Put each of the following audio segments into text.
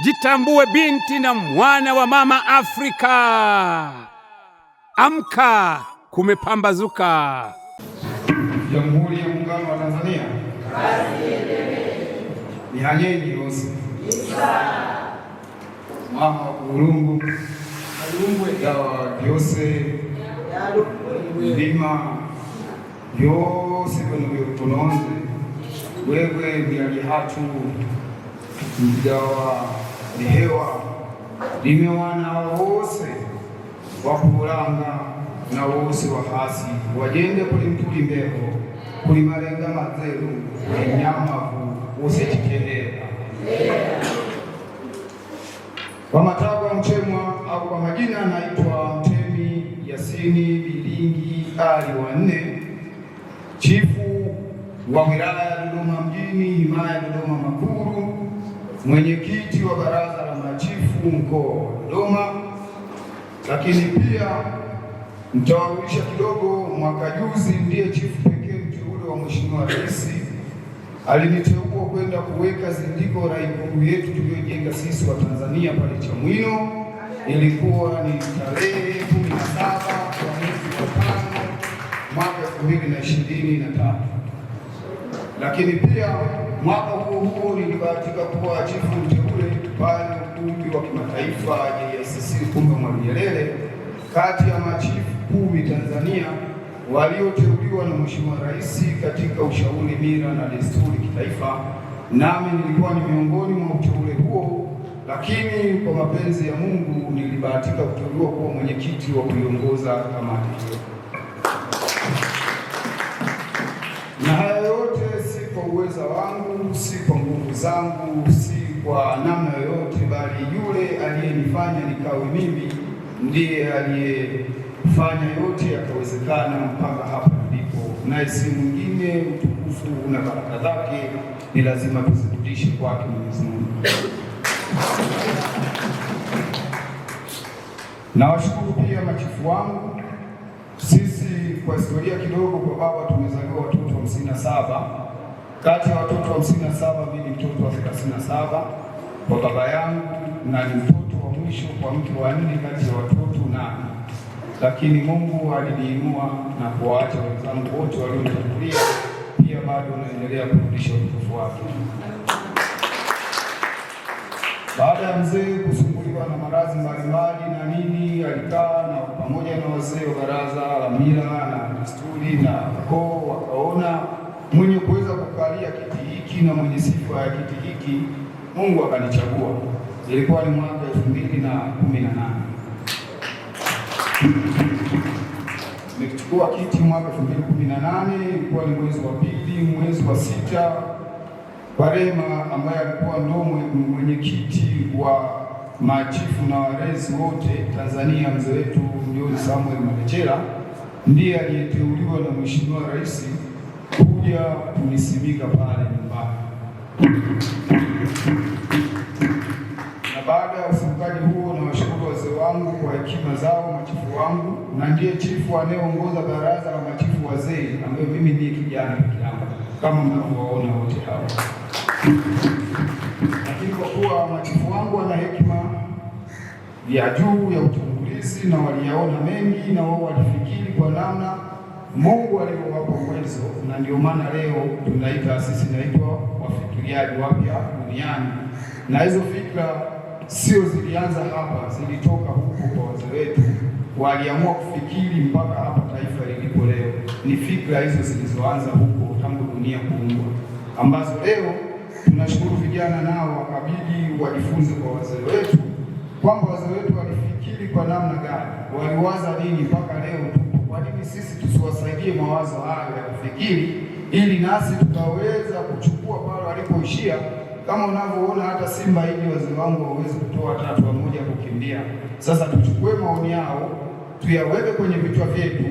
Jitambue binti na mwana wa mama Afrika. Amka, kumepambazuka. Jamhuri ya Muungano wa Tanzania. ni Nihanyeni Rosi mama wa kulungu dawa vyose vilima vyose kwenye utononze wewe vyalihatu mjawa ni hewa limewana wose wakulanga na wose wahasi wajende kulimtuli mbeho kulimalenga mazeru kulinyamavu wose chikendera kwa matawa mchemwa au kwa majina anaitwa Mtemi Yasini Bilingi Ali wa nne, chifu wa wilaya ya Dodoma mjini himaya mwenyekiti wa baraza la machifu mkoa wa Dodoma, lakini pia mtawaulisha kidogo, mwaka juzi ndiye chifu pekee mteule wa Mheshimiwa Rais aliniteua kwenda kuweka zindiko la Ikulu yetu tuliyojenga sisi wa Tanzania pale Chamwino. Ilikuwa ni tarehe 17 kwa mwezi wa tano mwaka 2023 lakini pia Mwaka huo huo nilibahatika kuwa chifu mteule pale ukumbi wa kimataifa JSC Kumbe Mwalimu Nyerere, kati ya machifu kumi Tanzania walioteuliwa na Mheshimiwa Rais katika ushauri, mila na desturi kitaifa, nami nilikuwa ni miongoni mwa uteule huo, lakini kwa mapenzi ya Mungu nilibahatika kuteuliwa kuwa mwenyekiti wa kuiongoza kamati hiyo wangu, si kwa nguvu zangu, si kwa namna yoyote, bali yule aliyenifanya nikawe mimi ndiye aliyefanya yote yakawezekana mpaka hapa nilipo, naye si mwingine. Utukufu una baraka zake, ni lazima tuzirudishe kwake Mwenyezi Mungu. Nawashukuru pia machifu wangu. Sisi kwa historia kidogo, kwa baba tumezaliwa watoto hamsini na saba kati ya watoto hamsini na saba mimi ni mtoto wa thelathini na saba kwa baba yangu na ni mtoto wa mwisho kwa mke wa nne kati ya watoto nane, lakini Mungu aliniinua na kuwaacha wenzangu wote walionitangulia. Pia bado naendelea kurudisha utukufu wake. Baada ya mzee kusumbuliwa na maradhi mbalimbali na nini, alikaa na pamoja na wazee wa baraza la mila na desturi na koo wakaona mwenye kuweza kukalia kiti hiki na mwenye sifa ya kiti hiki, Mungu akanichagua. Ilikuwa ni mwaka elfu mbili na kumi na nane nikichukua kiti mwaka elfu mbili kumi na nane ilikuwa ni mwezi wa pili, mwezi wa sita. Barema ambaye alikuwa ndo mwenyekiti wa machifu na walezi wote Tanzania, mzee wetu John Samuel Malecela ndiye aliyeteuliwa na Mheshimiwa Rais kuja kunisimika pale nyumbani. Na baada ya ufungaji huo, na washukuru wazee wangu kwa hekima zao, machifu wangu, na ndiye chifu anayeongoza baraza la machifu wazee, ambayo mimi ndiye kijana peke yangu kama mnavyowaona wote hawa. Lakini kwa kuwa machifu wangu wana hekima ya juu ya utangulizi na waliyaona mengi, na wao walifikiri kwa namna Mungu aliowapa uwezo, na ndio maana leo tunaita sisi naitwa wafikiriaji wapya duniani, na hizo fikra sio zilianza hapa, zilitoka huko kwa wazee wetu, waliamua kufikiri mpaka hapa taifa lilipo leo. Ni fikra hizo zilizoanza huko tangu dunia kuumbwa, ambazo leo tunashukuru vijana nao wakabidi wajifunze kwa wazee wetu, kwamba wazee wetu walifikiri kwa namna gani, waliwaza nini mpaka leo tupo. Kwa nini sisi tuwasaidie mawazo hayo ya kufikiri, ili nasi tutaweza kuchukua pale walipoishia. Kama unavyoona hata Simba hivi, wazee wangu wawezi kutoa hata hatua moja kukimbia. Sasa tuchukue maoni yao, tuyaweke kwenye vichwa vyetu,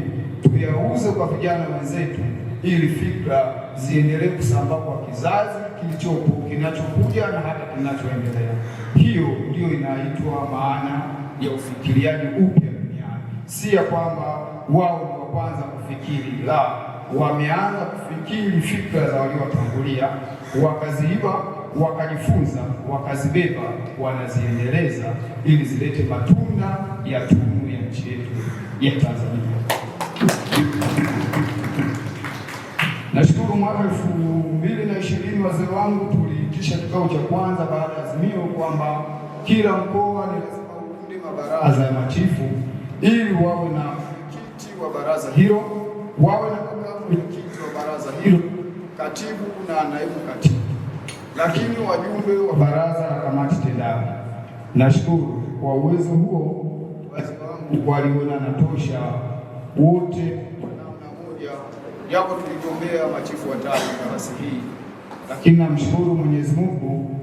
tuyauze kwa vijana wenzetu, ili fikra ziendelee kusambaa kwa kizazi kilichopo, kinachokuja na hata kinachoendelea. Hiyo ndiyo inaitwa maana ya ufikiriaji upya duniani, si ya kwamba wao kwanza kufikiri, la wameanza kufikiri fikra za waliowatangulia, wakaziiba, wakajifunza, wakazibeba, wanaziendeleza ili zilete matunda ya tunu ya nchi yetu ya Tanzania. Nashukuru mwaka elfu mbili na ishirini wazee wangu tuliitisha kikao cha kwanza baada ya azimio kwamba kila mkoa ni lazima uunde mabaraza ya machifu ili wawe na mwenyekiti wa baraza hilo, wawe na makamu mwenyekiti wa baraza hilo, katibu na naibu katibu, lakini wajumbe wa baraza la kamati tendaji. Nashukuru kwa uwezo huo, wazee wangu waliona natosha wote kwa namna moja, japo tuligombea machifu watatu nafasi hii, lakini namshukuru Mwenyezi Mungu,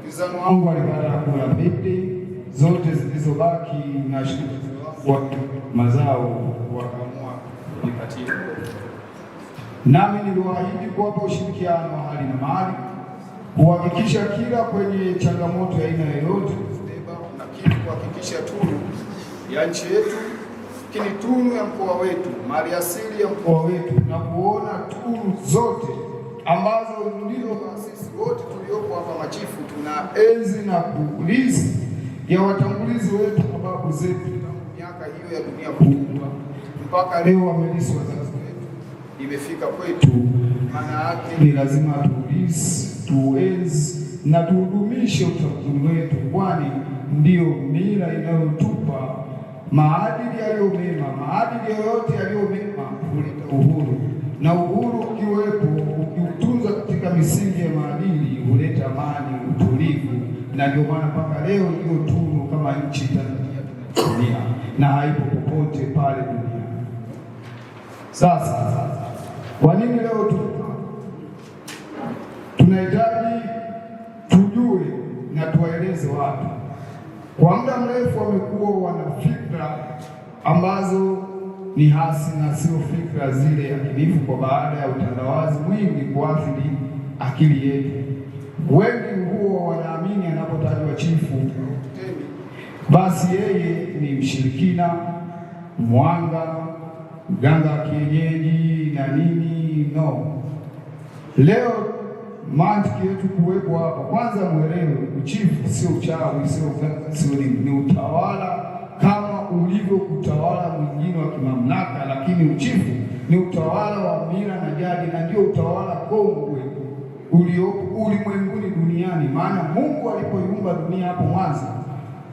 mpinzani wangu alipata kura mbili, zote zilizobaki nashukuru kwa mazao Mtakatifu, nami niliwaahidi kuwapa ushirikiano wa hali na mali kuhakikisha kila kwenye changamoto ya aina yoyote, lakini kuhakikisha tunu ya nchi yetu, lakini tunu ya mkoa wetu, mali asili ya mkoa wetu, na kuona tunu zote ambazo ndio sisi wote tuliopo hapa machifu enzi na kuulizi ya watangulizi wetu na babu zetu tangu miaka hiyo ya dunia kubwa mpaka leo wamelisi wazazi yetu imefika kwetu. Maana yake ni lazima tulisi, tuwezi na tuhudumishe utamaduni wetu, kwani ndiyo mila inayotupa maadili yaliyo mema. Maadili yoyote yaliyo mema huleta uhuru, na uhuru ukiwepo, ukiutunza katika misingi ya maadili, huleta amani, utulivu, na ndio maana mpaka leo ndio tunu kama nchi Tanzania na haipo popote pale. Sasa kwa nini leo tu tunahitaji tujue na tuwaeleze watu? Kwa muda mrefu wamekuwa wana fikra ambazo ni hasi na sio fikra zile yakinifu, kwa baada ya utandawazi mwingi kuathiri akili yetu. Wengi huwa wanaamini anapotajwa chifu, basi yeye ni mshirikina mwanga mganga wa kienyeji na nini no. Leo mantiki yetu kuwepo hapa, kwanza mwelewe uchifu sio uchawi, sio ni utawala kama ulivyo utawala mwingine wa kimamlaka, lakini uchifu ni utawala wa mila na jadi, na ndio utawala kongwe uliopo ulimwenguni duniani, maana Mungu alipoiumba dunia hapo mwanzo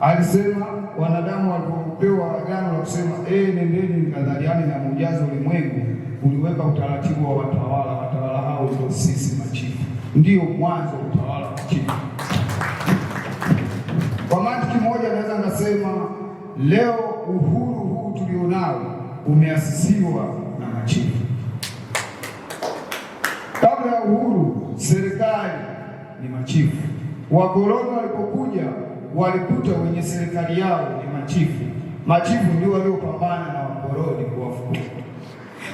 Alisema wanadamu walipopewa agano la kusema ee, nendeni mkadhaliane na muujazi ulimwengu, uliweka utaratibu wa watawala. Watawala hao ndio sisi machifu, ndio mwanzo wa utawala wa chifu. Kwa mantiki moja, naweza ngasema leo uhuru huu tulionao umeasisiwa na machifu. Kabla ya uhuru, serikali ni machifu. Wakoloni walipokuja walikuta wenye serikali yao ni machifu. Machifu ndio waliopambana na wakoloni kuwafukuza,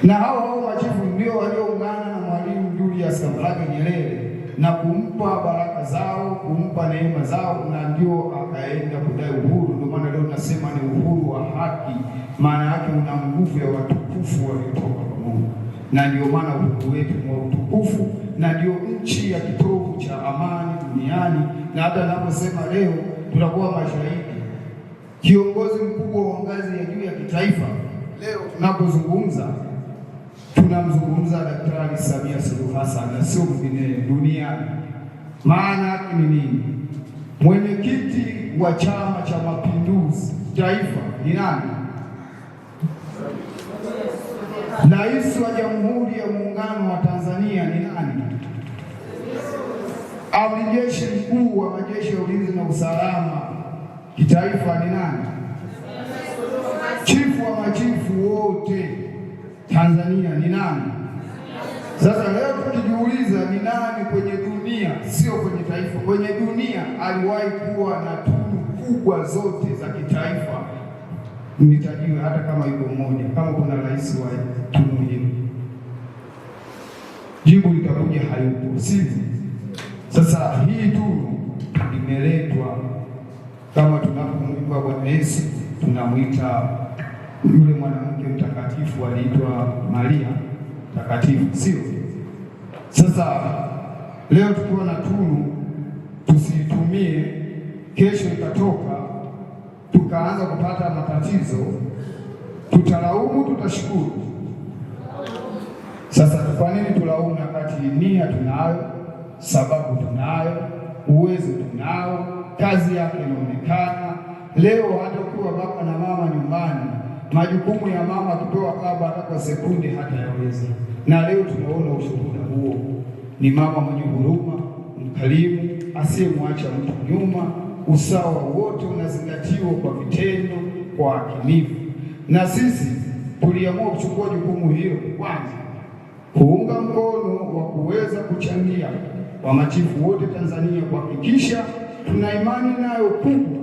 na hao hao machifu ndio walioungana na Mwalimu Julius Kambarage Nyerere na kumpa baraka zao, kumpa neema zao, na ndio akaenda kudai uhuru. Ndio maana leo tunasema ni uhuru wa haki, maana yake una nguvu ya watukufu waliotoka kwa Mungu, na ndio maana uhuru wetu ni wa utukufu, na ndio nchi ya kitovu cha amani duniani, na hata anaposema leo tunakuwa mashahidi. Kiongozi mkubwa wa ngazi ya juu ya kitaifa, leo tunapozungumza, tunamzungumza Daktari Samia Suluhu Hassan na sio mwingine duniani. Maana yake ni nini? Mwenyekiti wa Chama cha Mapinduzi taifa ni nani? Rais wa Jamhuri ya Muungano wa Tanzania ni nani? Amri jeshi mkuu wa majeshi ya ulinzi na usalama kitaifa ni nani? Chifu wa machifu wote Tanzania ni nani? Sasa leo tukijiuliza ni nani kwenye dunia, sio kwenye taifa, kwenye dunia aliwahi kuwa na tunu kubwa zote za kitaifa, nitajiwe hata kama yuko mmoja, kama kuna rais wa tunu hiyo, jibu litakuja hayupo, sivyo? Sasa hii tunu imeletwa kama tunapomwimba Bwana Yesu, tunamwita yule mwanamke mtakatifu aliitwa Maria mtakatifu, sio? Sasa leo tukiwa na tunu tusiitumie, kesho itatoka tukaanza kupata matatizo, tutalaumu, tutashukuru. Sasa kwa nini tulaumu wakati nia tunayo? sababu tunayo, uwezo tunao, kazi yake inaonekana. Leo hata ukiwa baba na mama nyumbani, majukumu ya mama kutoa baba hata kwa sekunde hata yaweza na leo tunaona ushuhuda huo. Ni mama mwenye huruma, mkarimu, asiyemwacha mtu nyuma. Usawa wote unazingatiwa kwa vitendo, kwa akilifu. na sisi tuliamua kuchukua jukumu hilo kwanza, kuunga mkono wa kuweza kuchangia wa machifu wote Tanzania kuhakikisha tuna imani nayo kubwa,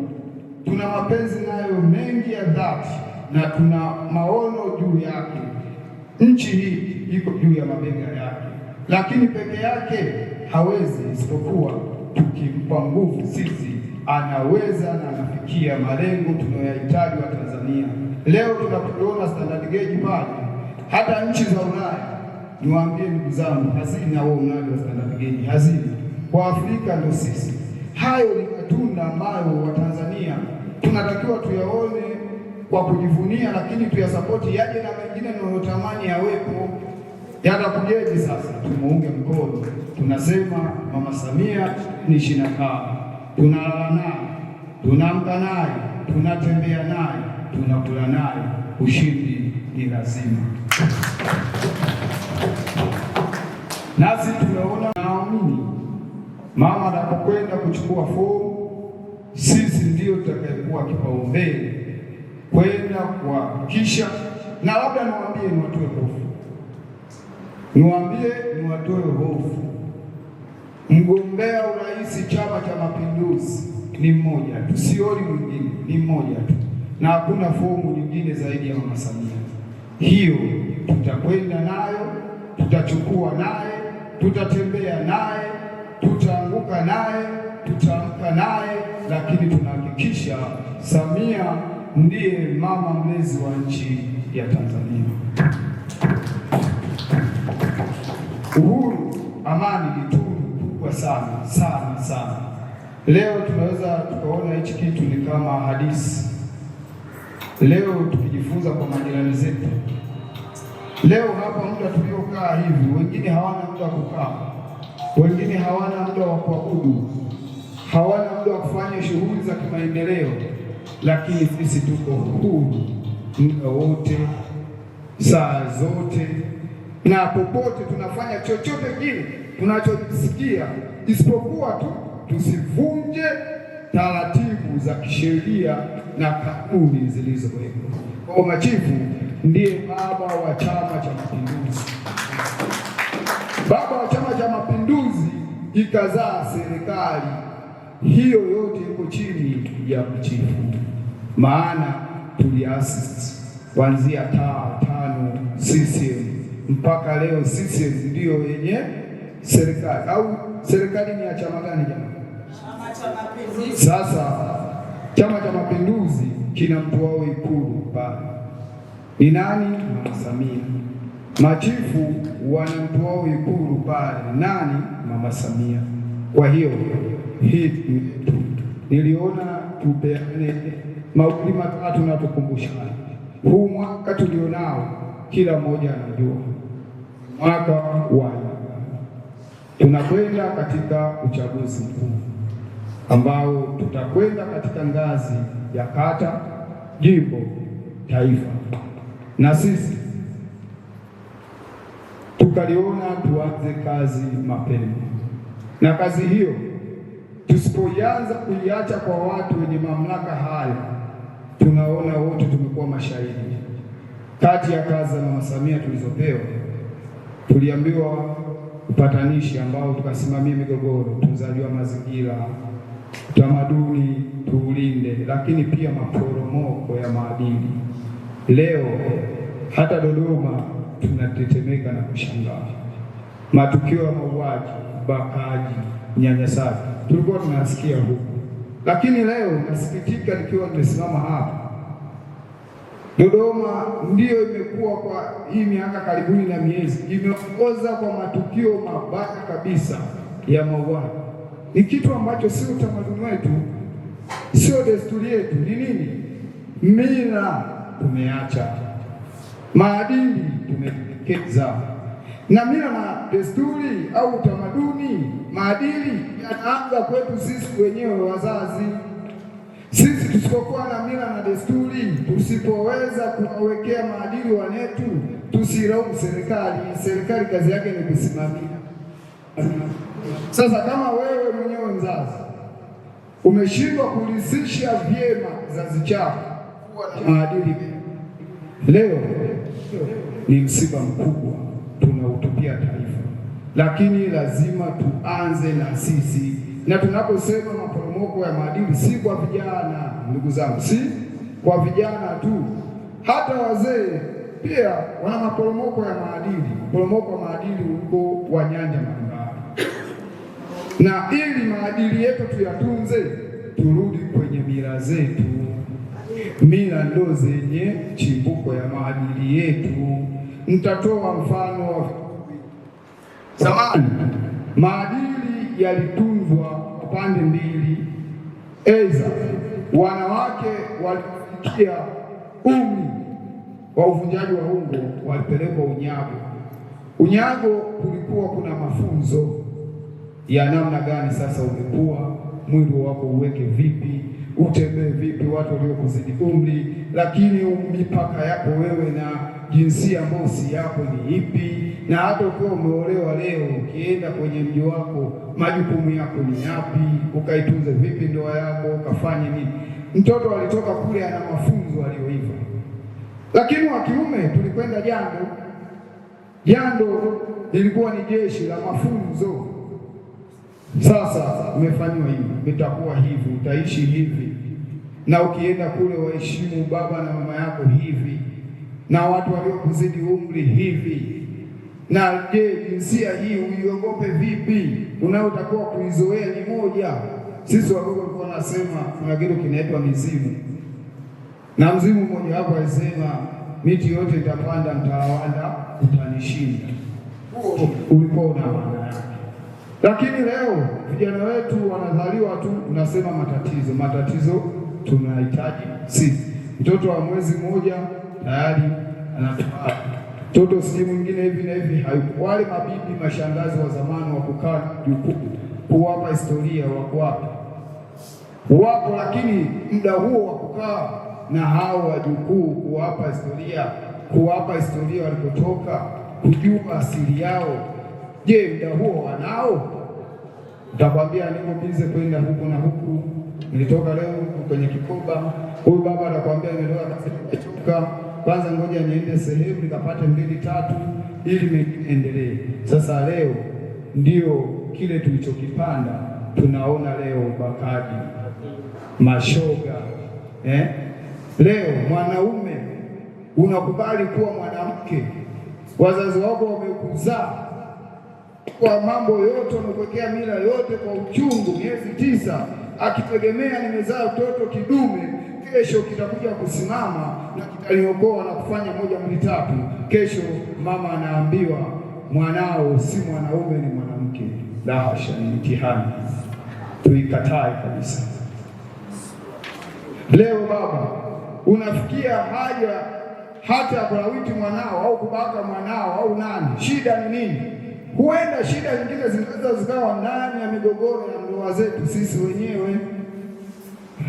tuna mapenzi nayo mengi ya dhati, na tuna maono juu yake. Nchi hii iko juu ya mabega yake, lakini peke yake hawezi, isipokuwa tukimpa nguvu sisi anaweza na anafikia malengo tunayohitaji wa Tanzania. Leo tunapoona standard gauge pale, hata nchi za Ulaya Niwaambie ndugu zangu, hazina wao mnayo standapigeni hazina kwa Afrika ndio sisi. Hayo ni matunda ambayo Watanzania tunatakiwa tuyaone kwa kujivunia, lakini tuyasapoti yaje na mengine tunayotamani yawepo yanakujeje. Sasa tumuunge mkono, tunasema Mama Samia ni kaa, tunalala naye, tunamka naye, tunatembea naye, tunakula naye. Ushindi ni lazima. Nasi tumeona, naamini mama anapokwenda kuchukua fomu, sisi ndio tutakayekuwa kipaumbele kwenda kuhakikisha, na labda niwaambie, niwatoe hofu, niwaambie, niwatoe hofu. Mgombea urais Chama cha Mapinduzi ni mmoja tu, sioni mwingine, ni mmoja tu, na hakuna fomu nyingine zaidi ya Mama Samia. Hiyo tutakwenda nayo, tutachukua naye tutatembea naye, tutaanguka naye, tutaamka naye, lakini tunahakikisha Samia ndiye mama mlezi wa nchi ya Tanzania. Uhuru, amani ni tunu kubwa sana sana sana. Leo tunaweza tukaona hichi kitu ni kama hadithi. Leo tukijifunza kwa majirani zetu Leo hapa muda tuliokaa hivi, wengine hawana muda wa kukaa, wengine hawana muda wa kuabudu, hawana muda wa kufanya shughuli za kimaendeleo, lakini sisi tuko huru muda wote, saa zote na popote, tunafanya chochote kile tunachosikia, isipokuwa tu tusivunje taratibu za kisheria na kanuni zilizowekwa kwa machifu ndiye baba wa Chama cha Mapinduzi. Baba wa Chama cha Mapinduzi ikazaa serikali, hiyo yote iko chini ya mchifu, maana tuliasisi kuanzia taa tano CCM mpaka leo CCM ndiyo yenye serikali. Au serikali ni ya chama gani jamani? Chama cha Mapinduzi. Sasa Chama cha Mapinduzi kina mtu wao Ikulu pale ni nani? Mama Samia. Machifu wanamtu ikuru Ikulu pale, nani? Mama Samia. Kwa hiyo hii niliona tupeane mawili matatu na tukumbushane. Huu mwaka tulionao, kila mmoja anajua mwaka wa tunakwenda katika uchaguzi mkuu ambao tutakwenda katika ngazi ya kata, jimbo, taifa na sisi tukaliona tuanze kazi mapema, na kazi hiyo tusipoianza kuiacha kwa watu wenye mamlaka haya, tunaona wote tumekuwa mashahidi. Kati ya kazi za mama Samia tulizopewa, tuliambiwa upatanishi ambao tukasimamia migogoro, utunzaji wa mazingira, utamaduni tuulinde, lakini pia maporomoko ya maadili. Leo hata Dodoma tunatetemeka na kushangaa matukio ya mauaji, ubakaji, nyanyasaji tulikuwa tunasikia huku, lakini leo nasikitika nikiwa nimesimama hapa. Dodoma ndiyo imekuwa kwa hii miaka karibuni na miezi imeongoza kwa matukio mabaya kabisa ya mauaji. Ni kitu ambacho sio utamaduni wetu, sio desturi yetu. Ni nini? mila tumeacha, maadili tumekeza na mila na desturi au utamaduni. Maadili yanaanza kwetu sisi wenyewe wazazi. Sisi tusipokuwa na mila na desturi, tusipoweza kuwawekea maadili wanetu, tusilaumu serikali. Serikali kazi yake ni kusimamia. Sasa kama wewe mwenyewe mzazi umeshindwa kulisisha vyema kizazi chako kuwa na maadili Leo ni msiba mkubwa tunautupia taifa, lakini lazima tuanze na sisi, na tunaposema maporomoko ya maadili, si kwa vijana ndugu zangu, si kwa vijana tu, hata wazee pia wana maporomoko ya maadili. Maporomoko wa maadili uko wa nyanja mbalimbali, na ili maadili yetu tuyatunze, turudi kwenye mila zetu. Mila ndo zenye chimbuko ya maadili yetu. Nitatoa mfano wa zamani. Maadili yalitunzwa pande mbili, eza wanawake walifikia umri wa uvunjaji wa ungo walipelekwa unyago. Unyago kulikuwa kuna mafunzo ya namna gani, sasa umekuwa mwili wako uweke vipi utembee vipi, watu waliokuzidi umri, lakini mipaka yako wewe na jinsia mosi yako ni ipi? Na hata ukiwa umeolewa leo, ukienda kwenye mji wako, majukumu yako ni yapi? Ukaitunze vipi ndoa yako, ukafanye nini? Mtoto alitoka kule ana mafunzo aliyoiva. Lakini wa kiume tulikwenda jando, jando lilikuwa ni jeshi la mafunzo sasa umefanywa hivi, utakuwa hivi, utaishi hivi, na ukienda kule waheshimu baba na mama yako hivi, na watu waliokuzidi umri hivi. Na je, jinsia hii uiogope vipi? utakuwa kuizoea ni moja. Sisi wadogo tulikuwa nasema kuna kitu kinaitwa mizimu, na mzimu mmoja wapo alisema miti yote itapanda, mtawanda utanishinda. Ulikuwa una maana lakini leo vijana wetu wanazaliwa tu, unasema matatizo, matatizo tunahitaji sisi. Mtoto wa mwezi mmoja tayari anatoa mtoto sijui mwingine hivi na hivi. Wale mabibi mashangazi wa zamani wa kukaa jukumu kuwapa historia wako Wapo, lakini muda huo wa kukaa na hao wajukuu kuwapa historia, kuwapa historia walipotoka, kujua asili yao Je, muda huo wanao? Utakwambia niko bize kwenda huku na huku, nilitoka leo huku kwenye Kikoba. Huyu baba atakwambia nimedoa kachuka, kwanza ngoja niende sehemu nikapate mbili tatu ili niendelee. Sasa leo ndio kile tulichokipanda tunaona leo Bakadi mashoga eh? Leo mwanaume unakubali kuwa mwanamke, wazazi wako wamekuzaa kwa mambo yote, amekuwekea mila yote kwa uchungu, miezi tisa, akitegemea nimezaa mtoto kidume, kesho kitakuja kusimama na kitaliokoa na kufanya moja mbili tatu. Kesho mama anaambiwa mwanao si mwanaume, ni mwanamke. La hasha, ni mtihani, tuikatae kabisa. Leo baba unafikia haja hata kulawiti mwanao au kubaka mwanao au nani, shida ni nini? Huenda shida nyingine zinaweza zikawa ndani ya migogoro ya ndoa zetu sisi wenyewe.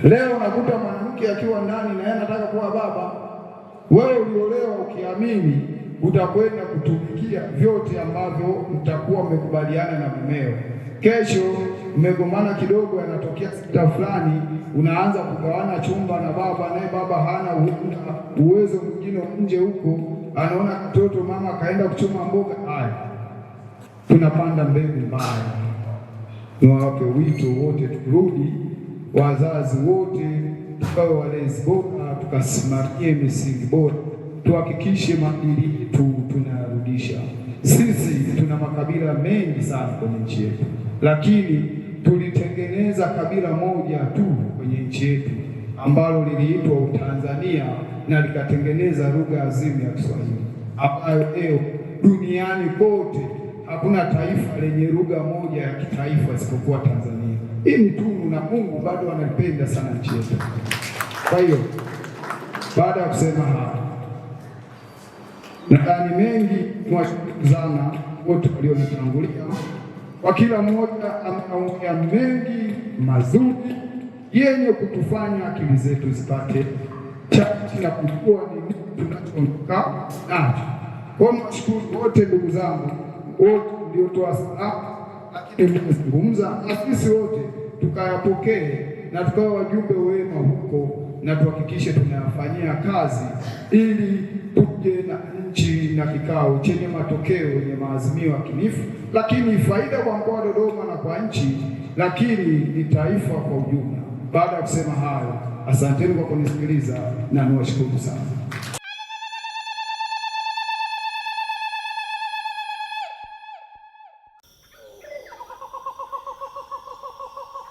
Leo nakuta mwanamke akiwa ndani na yeye anataka kuwa baba. Wewe uliolewa ukiamini, utakwenda kutumikia vyote ambavyo mtakuwa mmekubaliana na mumeo. Kesho mmegomana kidogo, yanatokea sita fulani, unaanza kugawana chumba na baba, naye baba hana uwezo mwingine nje huko, anaona mtoto mama kaenda kuchuma mboga haya tunapanda mbegu mbaya. Niwape wito wote turudi, wazazi wote tukawe walezi bora, tukasimamie misingi bora, tuhakikishe maadili yetu tunayarudisha. Sisi tuna makabila mengi sana kwenye nchi yetu, lakini tulitengeneza kabila moja tu kwenye nchi yetu ambalo liliitwa Utanzania na likatengeneza lugha azimu ya Kiswahili ambayo leo duniani kote hakuna taifa lenye lugha moja ya kitaifa isipokuwa Tanzania. Hii ni tunu, na Mungu bado anaipenda sana nchi yetu. Kwa hiyo baada ya kusema haya, nadhani mengi zana wote walionitangulia kwa kila mmoja ameongea mengi mazuri yenye kutufanya akili zetu zipate chaji na kukua ni nini tunachoondoka nacho. Kwa nashukuru wote ndugu zangu wote mliotoa sadaka, lakini mmezungumza na sisi wote tukayapokee na tukawa wajumbe wema huko, na tuhakikishe tunayafanyia kazi ili tuje na nchi na kikao chenye matokeo yenye maazimio yakinifu, lakini faida kwa mkoa wa Dodoma na kwa nchi, lakini ni taifa kwa ujumla. Baada ya kusema hayo, asanteni kwa kunisikiliza na niwashukuru sana.